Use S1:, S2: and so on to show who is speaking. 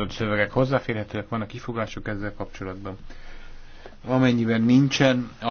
S1: adott szövegek hozzáférhetőek, vannak kifogások ezzel kapcsolatban. Amennyiben nincsen,